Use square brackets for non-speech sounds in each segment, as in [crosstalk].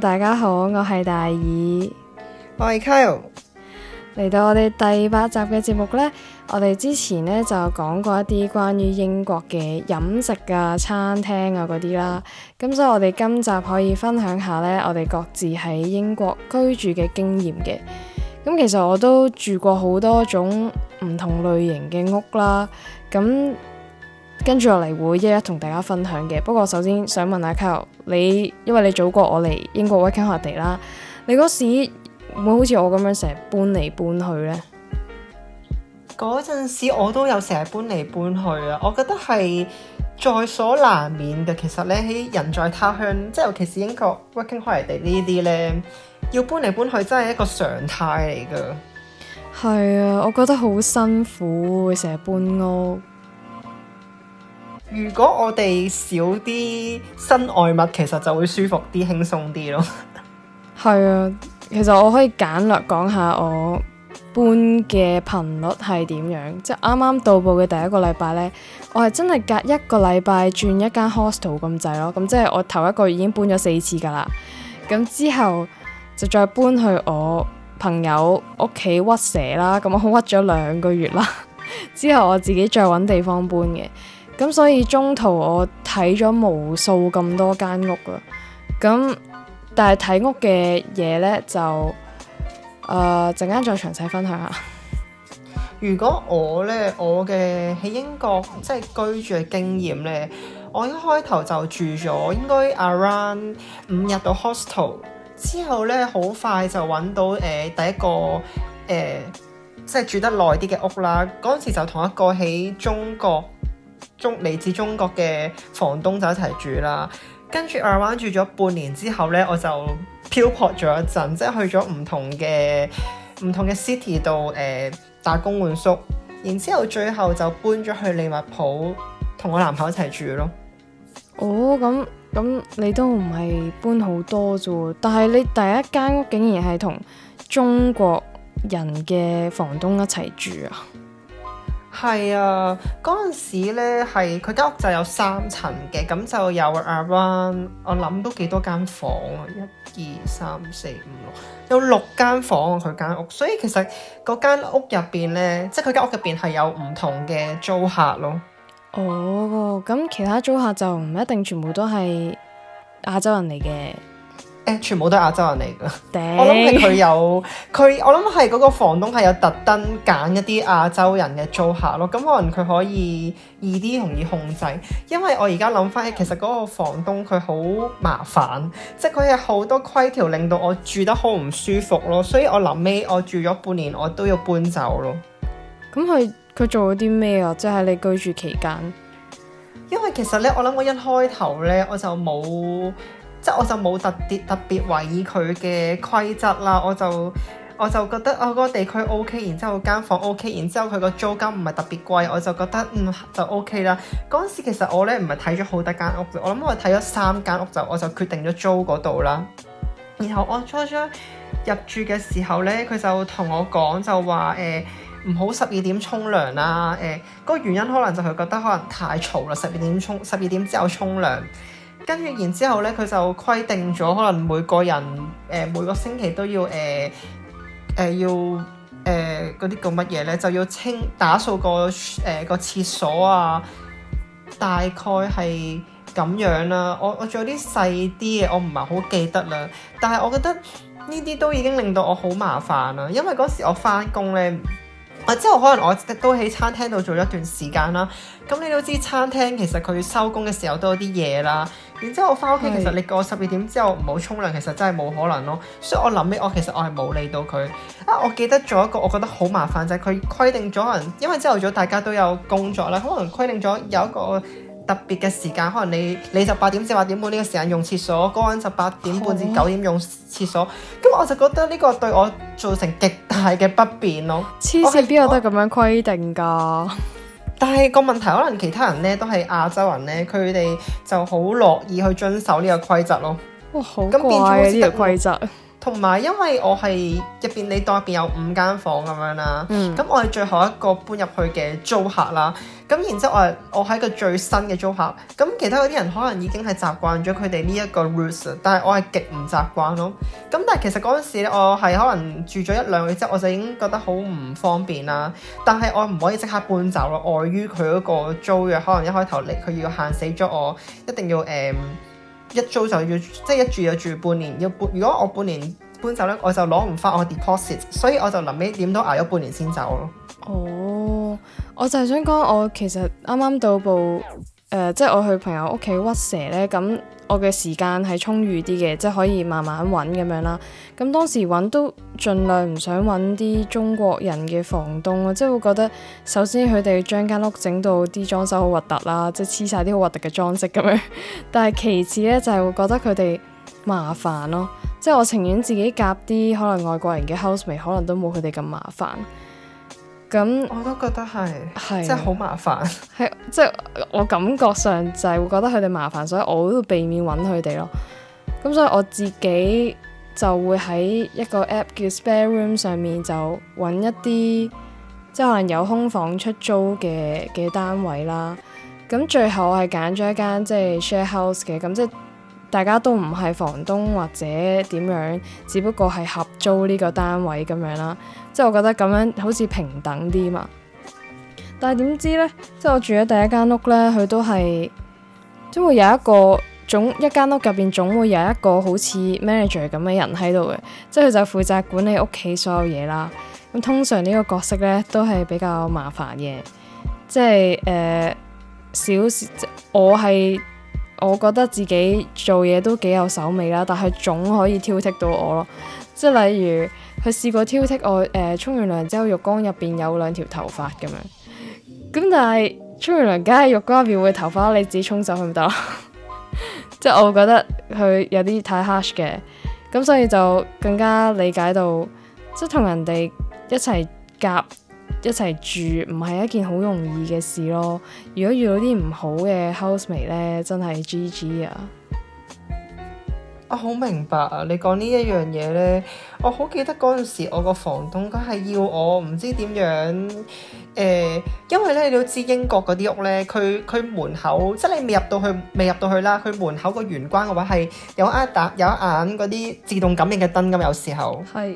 大家好，我係大耳，我係 Kyle，嚟到我哋第八集嘅節目呢，我哋之前呢就講過一啲關於英國嘅飲食啊、餐廳啊嗰啲啦，咁所以我哋今集可以分享下呢我哋各自喺英國居住嘅經驗嘅，咁其實我都住過好多種唔同類型嘅屋啦，咁跟住落嚟會一一同大家分享嘅，不過首先想問下 Kyle。你因為你早過我嚟英國 working holiday 啦，你嗰時唔會好似我咁樣成日搬嚟搬去咧？嗰陣時我都有成日搬嚟搬去啊！我覺得係在所難免嘅。其實咧喺人在他鄉，即係尤其是英國 working holiday 呢啲咧，要搬嚟搬去真係一個常態嚟噶。係啊，我覺得好辛苦，成日搬屋。如果我哋少啲身外物，其實就會舒服啲、輕鬆啲咯。係 [laughs] 啊，其實我可以簡略講下我搬嘅頻率係點樣。即係啱啱到步嘅第一個禮拜呢，我係真係隔一個禮拜轉一間 hostel 咁滯咯。咁即係我頭一個月已經搬咗四次噶啦。咁之後就再搬去我朋友屋企屈蛇啦。咁我屈咗兩個月啦。之後我自己再揾地方搬嘅。咁所以中途我睇咗無數咁多間屋㗎，咁但係睇屋嘅嘢咧就誒，呃、陣間再詳細分享下。如果我咧，我嘅喺英國即係居住嘅經驗咧，我一開頭就住咗應該 around 五日到 hostel 之後咧，好快就揾到誒、呃、第一個誒、呃、即係住得耐啲嘅屋啦。嗰陣時就同一個喺中國。中嚟自中國嘅房東就一齊住啦，跟住二灣住咗半年之後呢，我就漂泊咗一陣，即係去咗唔同嘅唔同嘅 city 度誒、呃、打工換宿，然之後最後就搬咗去利物浦同我男朋友一齊住咯。哦，咁咁你都唔係搬好多啫喎，但係你第一間屋竟然係同中國人嘅房東一齊住啊！係啊，嗰陣時咧，係佢間屋就有三層嘅，咁就有 around，我諗都幾多間房啊，一、二、三、四、五、六，有六間房啊佢間屋，所以其實嗰間屋入邊咧，即係佢間屋入邊係有唔同嘅租客咯。哦，咁其他租客就唔一定全部都係亞洲人嚟嘅。全部都係亞洲人嚟噶 Damn.，我諗係佢有佢，我諗係嗰個房東係有特登揀一啲亞洲人嘅租客咯。咁可能佢可以易啲容易控制，因為我而家諗翻起，其實嗰個房東佢好麻煩，即係佢有好多規條令到我住得好唔舒服咯。所以我臨尾我住咗半年，我都要搬走咯。咁佢佢做咗啲咩啊？即係你居住期間，因為其實咧，我諗我一開頭咧，我就冇。我就冇特別特別懷疑佢嘅規則啦，我就我就覺得哦嗰個地區 OK，然之後間房 OK，然之後佢個租金唔係特別貴，我就覺得嗯就 OK 啦。嗰陣時其實我咧唔係睇咗好多間屋，我諗我係睇咗三間屋就我就決定咗租嗰度啦。然後我初初入住嘅時候咧，佢就同我講就話誒，唔好十二點沖涼啊，誒，個原因可能就係覺得可能太嘈啦，十二點沖十二點之後沖涼。跟住，然之後咧，佢就規定咗，可能每個人誒、呃、每個星期都要誒誒、呃呃、要誒嗰啲叫乜嘢咧，就要清打掃個誒、呃、個廁所啊，大概係咁樣啦，啊。我我仲有啲細啲嘅，我唔係好記得啦。但係我覺得呢啲都已經令到我好麻煩啦，因為嗰時我返工咧，啊之後可能我都喺餐廳度做一段時間啦。咁你都知餐廳其實佢收工嘅時候都有啲嘢啦。然之後我翻屋企，是其實你過十二點之後唔好沖涼，其實真係冇可能咯。所以我諗起我其實我係冇理到佢。啊，我記得做一個，我覺得好麻煩，就係佢規定咗，可能因為朝頭早大家都有工作啦，可能規定咗有一個特別嘅時間，可能你你就八點至八點半呢個時間用廁所，哥温就八點半至九點用廁所。咁好我就覺得呢個對我造成極大嘅不便咯。黐線，邊有得咁樣規定㗎？ [laughs] 但係個問題，可能其他人呢都係亞洲人呢，佢哋就好樂意去遵守呢個規則咯。哇，好怪嘅、啊、規則。同埋，因為我係入邊你當入邊有五間房咁樣啦，咁、嗯、我係最後一個搬入去嘅租客啦。咁然之後我係我係一個最新嘅租客，咁其他嗰啲人可能已經係習慣咗佢哋呢一個 rules，但係我係極唔習慣咯。咁但係其實嗰陣時咧，我係可能住咗一兩月之後，我就已經覺得好唔方便啦。但係我唔可以即刻搬走咯，礙於佢嗰個租約，可能一開頭嚟佢要限死咗我，一定要誒。嗯。一租就要，即係一住就住半年，要半。如果我半年搬走呢，我就攞唔返我 deposit，所以我就臨尾點都熬咗半年先走咯。哦，我就係想講，我其實啱啱到步。誒、呃，即係我去朋友屋企屈蛇呢，咁我嘅時間係充裕啲嘅，即係可以慢慢揾咁樣啦。咁當時揾都盡量唔想揾啲中國人嘅房東咯，即係會覺得首先佢哋將間屋整到啲裝修好核突啦，即係黐晒啲好核突嘅裝飾咁樣。但係其次呢，就係、是、會覺得佢哋麻煩咯，即係我情願自己夾啲可能外國人嘅 housemate，可能都冇佢哋咁麻煩。咁那我都覺得係，真係好麻煩。係即係我感覺上就係會覺得佢哋麻煩，所以我都會避免揾佢哋咯。咁所以我自己就會喺一個 app 叫 Spare Room 上面就揾一啲即係可能有空房出租嘅嘅單位啦。咁最後我係揀咗一間即係 share house 嘅，咁即係。大家都唔係房東或者點樣，只不過係合租呢個單位咁樣啦。即係我覺得咁樣好似平等啲嘛。但係點知呢？即係我住嘅第一間屋呢，佢都係都會有一個總一間屋入邊總會有一個好似 manager 咁嘅人喺度嘅。即係佢就負責管理屋企所有嘢啦。咁通常呢個角色呢，都係比較麻煩嘅，即係誒少我係。我覺得自己做嘢都幾有手尾啦，但係總可以挑剔到我咯。即係例如佢試過挑剔我誒，沖、呃、完涼之後浴缸入邊有兩條頭髮咁樣。咁但係沖完涼，梗係浴缸入邊會頭髮，你自己沖走佢咪得咯。 [laughs] 即係我覺得佢有啲太 harsh 嘅，咁所以就更加理解到即係同人哋一齊夾。一齊住唔係一件好容易嘅事咯。如果遇到啲唔好嘅 housemate 咧，真係 GG 啊！我好、哦、明白啊，你講呢一樣嘢咧，我好記得嗰陣時，我個房東佢係要我唔知點樣誒、呃，因為咧你都知英國嗰啲屋咧，佢佢門口即係你未入到去，未入到去啦，佢門口個玄關嘅話係有一打有眼嗰啲自動感應嘅燈咁，有時候係。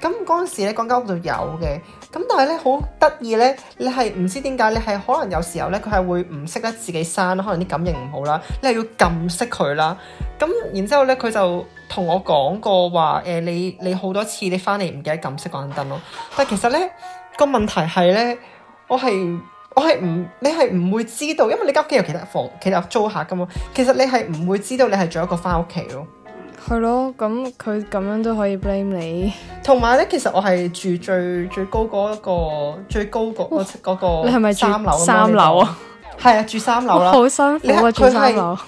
咁嗰陣時咧，講間屋度有嘅，咁但係咧好得意咧，你係唔知點解，你係可能有時候咧佢係會唔識得自己閂，可能啲感應唔好啦，你係要撳熄佢啦。咁然之後咧，佢就同我講過話，誒、呃、你你好多次你翻嚟唔記得撳熄嗰盞燈咯。但係其實咧個問題係咧，我係我係唔你係唔會知道，因為你間屋企有其他房其他租客噶嘛。其實你係唔會知道你係做一個翻屋企咯。係咯，咁佢咁樣都可以 blame 你。同埋咧，其實我係住最最高嗰一個最高嗰嗰個。哦、個你係咪住三樓？三樓啊？係 [laughs] 啊，住三樓啦。好辛苦啊，你住三樓。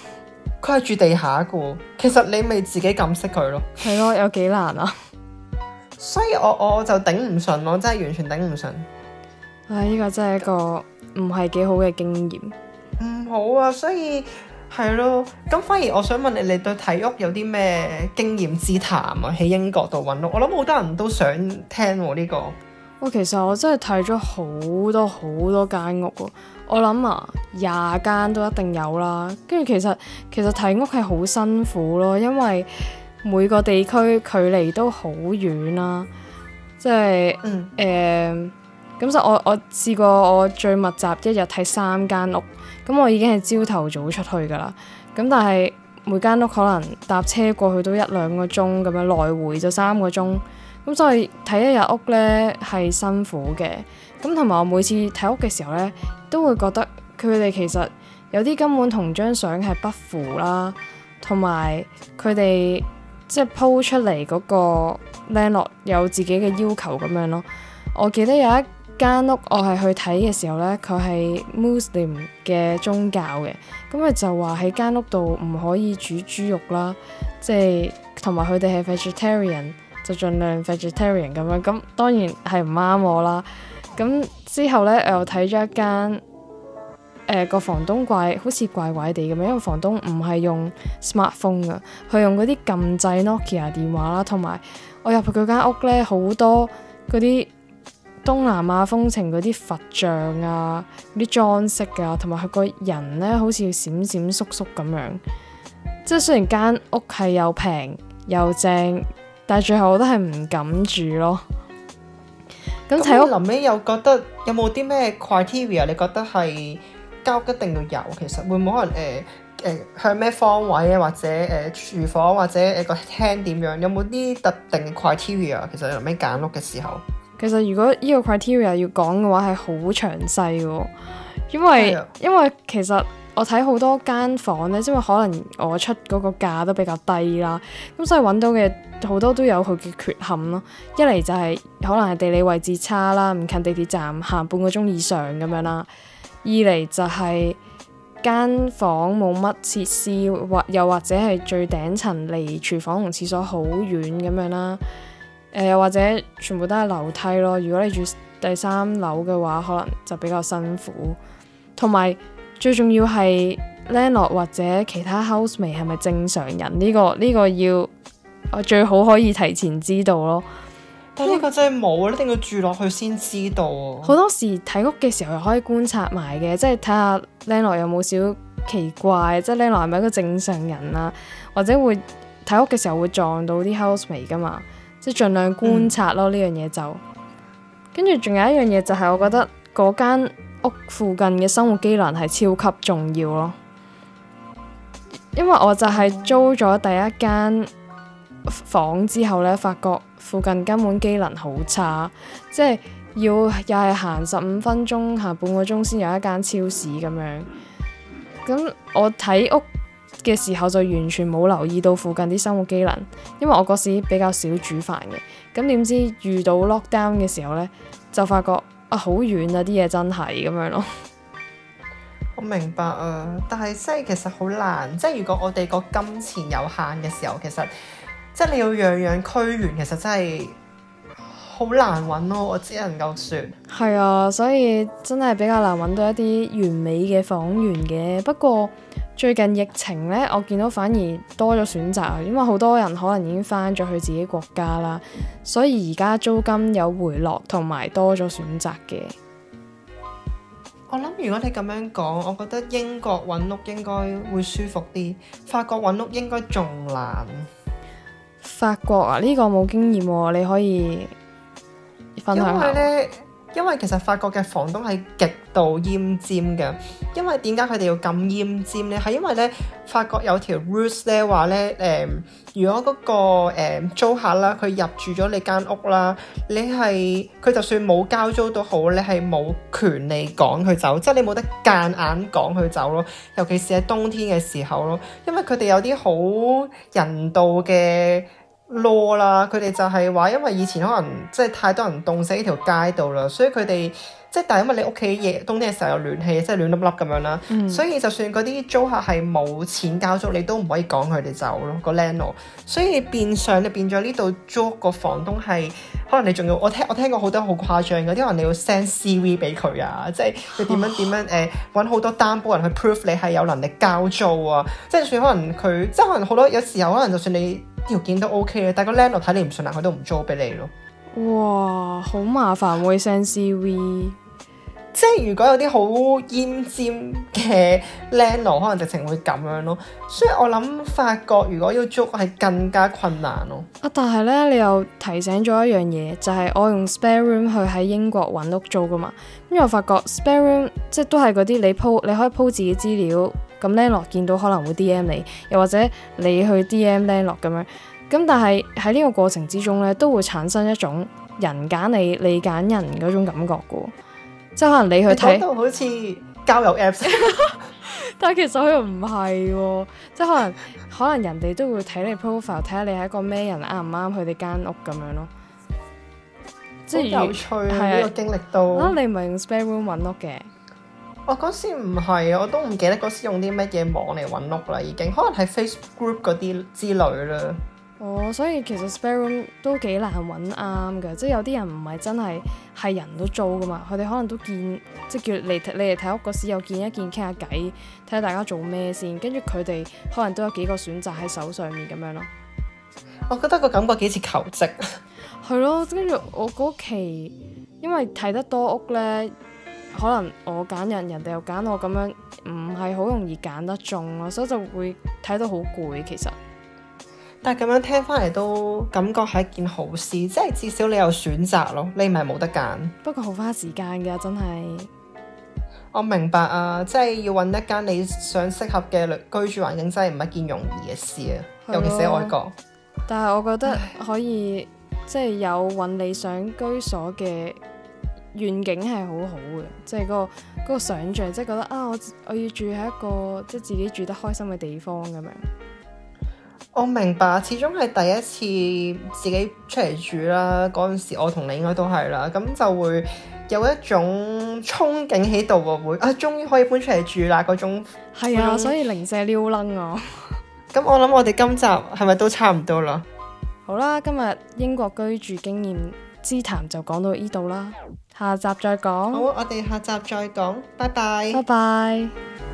佢係住地下噶，其實你咪自己咁識佢咯。係咯，有幾難啊！ [laughs] 所以我我就頂唔順，我真係完全頂唔順。唉、啊，呢、這個真係一個唔係幾好嘅經驗。唔、嗯、好啊，所以。係咯，咁反而我想問你，你對睇屋有啲咩經驗之談啊？喺英國度揾屋，我諗好多人都想聽喎，啊、呢、呢個。我其實我真係睇咗好多好多間屋喎，我諗啊，廿間都一定有啦。跟住其實其實睇屋係好辛苦咯，因為每個地區距離都好遠啦，啊。即係誒，咁就，嗯呃、我我試過我最密集一日睇三間屋。咁我已經係朝頭早出去㗎啦，咁但係每間屋可能搭車過去都一兩個鐘咁樣，來回就三個鐘，咁所以睇一日屋咧係辛苦嘅。咁同埋我每次睇屋嘅時候咧，都會覺得佢哋其實有啲根本同張相係不符啦，同埋佢哋即係 po 出嚟嗰個 landlord 有自己嘅要求咁樣咯。我記得有一間屋我係去睇嘅時候呢，佢係 Muslim 嘅宗教嘅，咁咪就話喺間屋度唔可以煮豬肉啦，即係同埋佢哋係 vegetarian，就盡量 vegetarian 咁樣。咁當然係唔啱我啦。咁之後呢，我又睇咗一間誒、呃、個房東怪，好似怪怪地咁樣，因為房東唔係用 smartphone 㗎，佢用嗰啲撳掣 Nokia、ok、電話啦，同埋我入去佢間屋呢，好多嗰啲，東南亞風情嗰啲佛像啊，啲裝飾啊，同埋佢個人咧，好似閃閃縮縮咁樣。即係雖然間屋係又平又正，但係最後我都係唔敢住咯。咁睇屋臨尾又覺得有冇啲咩 criteria？你覺得係交屋一定要有，其實會唔會可能誒誒向咩方位啊，或者誒、呃、廚房或者誒、呃呃、個廳點樣？有冇啲特定嘅 criteria？其實你臨尾揀屋嘅時候。其實如果呢個 criteria 要講嘅話係好詳細嘅，因為、哎、呦因為其實我睇好多間房咧，因為可能我出嗰個價都比較低啦，咁所以揾到嘅好多都有佢嘅缺陷咯。一嚟就係、是、可能係地理位置差啦，唔近地鐵站，行半個鐘以上咁樣啦。二嚟就係、是、間房冇乜設施，或又或者係最頂層離廚房同廁所好遠咁樣啦。誒、呃，或者全部都係樓梯咯。如果你住第三樓嘅話，可能就比較辛苦。同埋最重要係 landlord 或者其他 housemate 係咪正常人呢、呢個呢、呢個要我最好可以提前知道咯。但呢個真係冇啊，一定要住落去先知道。好多時睇屋嘅時候又可以觀察埋嘅，即係睇下 landlord 有冇少奇怪，即係 landlord 係咪一個正常人啊？或者會睇屋嘅時候會撞到啲 housemate 噶嘛？即係盡量觀察咯，呢樣嘢就跟住，仲有一樣嘢就係，我覺得嗰間屋附近嘅生活機能係超級重要咯。因為我就係租咗第一間房之後呢，發覺附近根本機能好差，即係要又係行十五分鐘、行半個鐘先有一間超市咁樣。咁我睇屋嘅時候就完全冇留意到附近啲生活機能，因為我嗰時比較少煮飯嘅。咁點知遇到 lockdown 嘅時候呢，就發覺啊好遠啊，啲嘢真係咁樣咯。我明白啊，但係真係其實好難。即係如果我哋個金錢有限嘅時候，其實即係你要樣樣俱全，其實真係好難揾咯，啊。我只能夠算係啊，所以真係比較難揾到一啲完美嘅房源嘅。不過最近疫情呢，我見到反而多咗選擇，因為好多人可能已經翻咗去自己國家啦，所以而家租金有回落同埋多咗選擇嘅。我諗如果你咁樣講，我覺得英國揾屋應該會舒服啲，法國揾屋應該仲難。法國啊，呢個冇經驗喎，你可以分享下。因為呢，因為其實法國嘅房東係極到奄尖嘅，因為點解佢哋要咁奄尖咧？係因為咧，發覺有條 rules 咧話咧，誒、嗯，如果嗰、嗰個、嗯、租客啦，佢入住咗你間屋啦，你係佢就算冇交租都好，你係冇權利趕佢走，即係你冇得間硬趕佢走咯。尤其是喺冬天嘅時候咯，因為佢哋有啲好人道嘅 law 啦，佢哋就係話，因為以前可能即係太多人凍死呢條街道啦，所以佢哋。即係，但係因為你屋企夜冬天嘅時候有暖氣，即係暖粒粒咁樣啦。嗯、所以就算嗰啲租客係冇錢交租，你都唔可以趕佢哋走咯。個 landlord，所以變相你變咗呢度租個房東係可能你仲要我聽我聽過好多好誇張嘅，啲人你要 send CV 俾佢啊，即係你點樣點、哦、樣誒揾好、呃、多擔保人去 proof 你係有能力交租啊，即係算可能佢即係可能好多有時候可能就算你條件都 OK 啊，但係個 landlord 睇你唔順眼，佢都唔租俾你咯。哇，好麻煩會 send CV。即係如果有啲好奄尖嘅 landlord，可能直情會咁樣咯。所以我諗發覺，如果要捉係更加困難咯。啊，但係咧，你又提醒咗一樣嘢，就係、是、我用 spare room 去喺英國揾屋租噶嘛。咁又發覺 spare room 即係都係嗰啲你鋪，你可以鋪自己資料，咁 landlord 見到可能會 D M 你，又或者你去 D M landlord 咁樣。咁但係喺呢個過程之中咧，都會產生一種人揀你，你揀人嗰種感覺噶。即係可能你去睇到，好似交友 apps。 [laughs] [laughs] 但係其實佢又唔係，即係可能可能人哋都會睇你 profile，睇下你係一個咩人啱唔啱佢哋間屋咁樣咯。即係、嗯、有趣係呢的個經歷都。啊，你唔係用 spare room 揾屋嘅？我嗰、哦、時唔係，我都唔記得嗰時用啲乜嘢網嚟揾屋啦。已經可能係 Facebook 嗰啲之類啦。哦，oh，所以其實 spare room 都幾難揾啱㗎，即係有啲人唔係真係係人都租㗎嘛，佢哋可能都見即係叫你嚟睇屋嗰時又見一見傾下偈，睇下大家做咩先，跟住佢哋可能都有幾個選擇喺手上面咁樣咯。我覺得個感覺幾似求職。係 [laughs] 咯， [laughs] 跟住我嗰期因為睇得多屋咧，可能我揀人，人哋又揀我樣，咁樣唔係好容易揀得中咯，所以就會睇到好攰其實。但係咁樣聽翻嚟都感覺係一件好事，即係至少你有選擇咯，你唔係冇得揀。不過好花時間噶，真係。我明白啊，即係要揾一間你想適合嘅居住環境，真係唔係一件容易嘅事啊，的尤其是喺外國。但係我覺得可以，唉即係有揾理想居所嘅願景係好好嘅，即係嗰、嗰個、嗰個想象，即係覺得啊，我我要住喺一個即係自己住得開心嘅地方咁樣。我明白，始終係第一次自己出嚟住啦。嗰陣時，我同你應該都係啦，咁就會有一種憧憬喺度喎，會啊，終於可以搬出嚟住啦嗰種。係啊，所以零舍撩楞啊。咁 [laughs] 我諗我哋今集係咪都差唔多啦？好啦，今日英國居住經驗之談就講到依度啦，下集再講。好，我哋下集再講，拜拜。拜拜。